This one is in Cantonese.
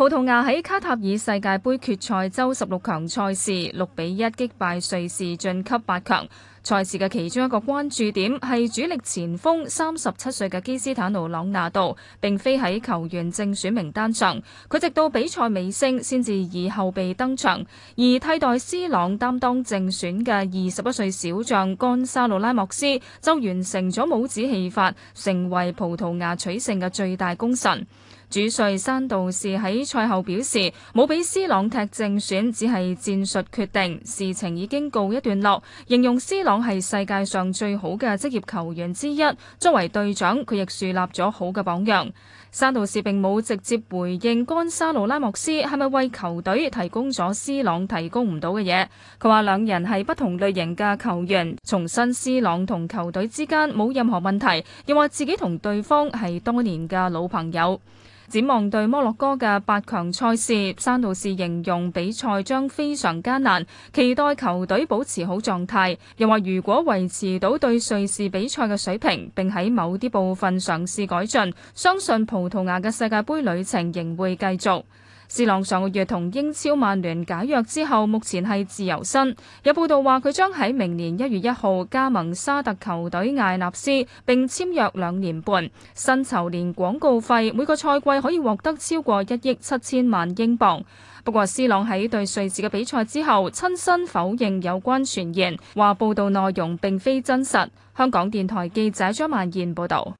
葡萄牙喺卡塔爾世界盃決賽周十六強賽事六比一擊敗瑞士晉級八強。賽事嘅其中一個關注點係主力前鋒三十七歲嘅基斯坦奴·朗拿度，並非喺球員正選名單上，佢直到比賽尾聲先至以後備登場，而替代斯朗擔當正選嘅二十一歲小將干沙路拉莫斯，就完成咗帽子戲法，成為葡萄牙取勝嘅最大功臣。主帥山度士喺賽後表示，冇俾斯朗踢正選，只係戰術決定，事情已經告一段落。形容斯朗係世界上最好嘅職業球員之一，作為隊長，佢亦樹立咗好嘅榜樣。山度士並冇直接回應干沙路拉莫斯係咪為球隊提供咗斯朗提供唔到嘅嘢。佢話兩人係不同類型嘅球員，重申斯朗同球隊之間冇任何問題，又話自己同對方係多年嘅老朋友。展望對摩洛哥嘅八強賽事，山度士形容比賽將非常艱難，期待球隊保持好狀態。又話如果維持到對瑞士比賽嘅水平，並喺某啲部分嘗試改進，相信葡萄牙嘅世界盃旅程仍會繼續。斯朗上個月同英超曼聯解約之後，目前係自由身。有報道話佢將喺明年一月一號加盟沙特球隊艾納斯，並簽約兩年半，薪酬連廣告費每個賽季可以獲得超過一億七千萬英鎊。不過，斯朗喺對瑞士嘅比賽之後，親身否認有關傳言，話報道內容並非真實。香港電台記者張萬燕報導。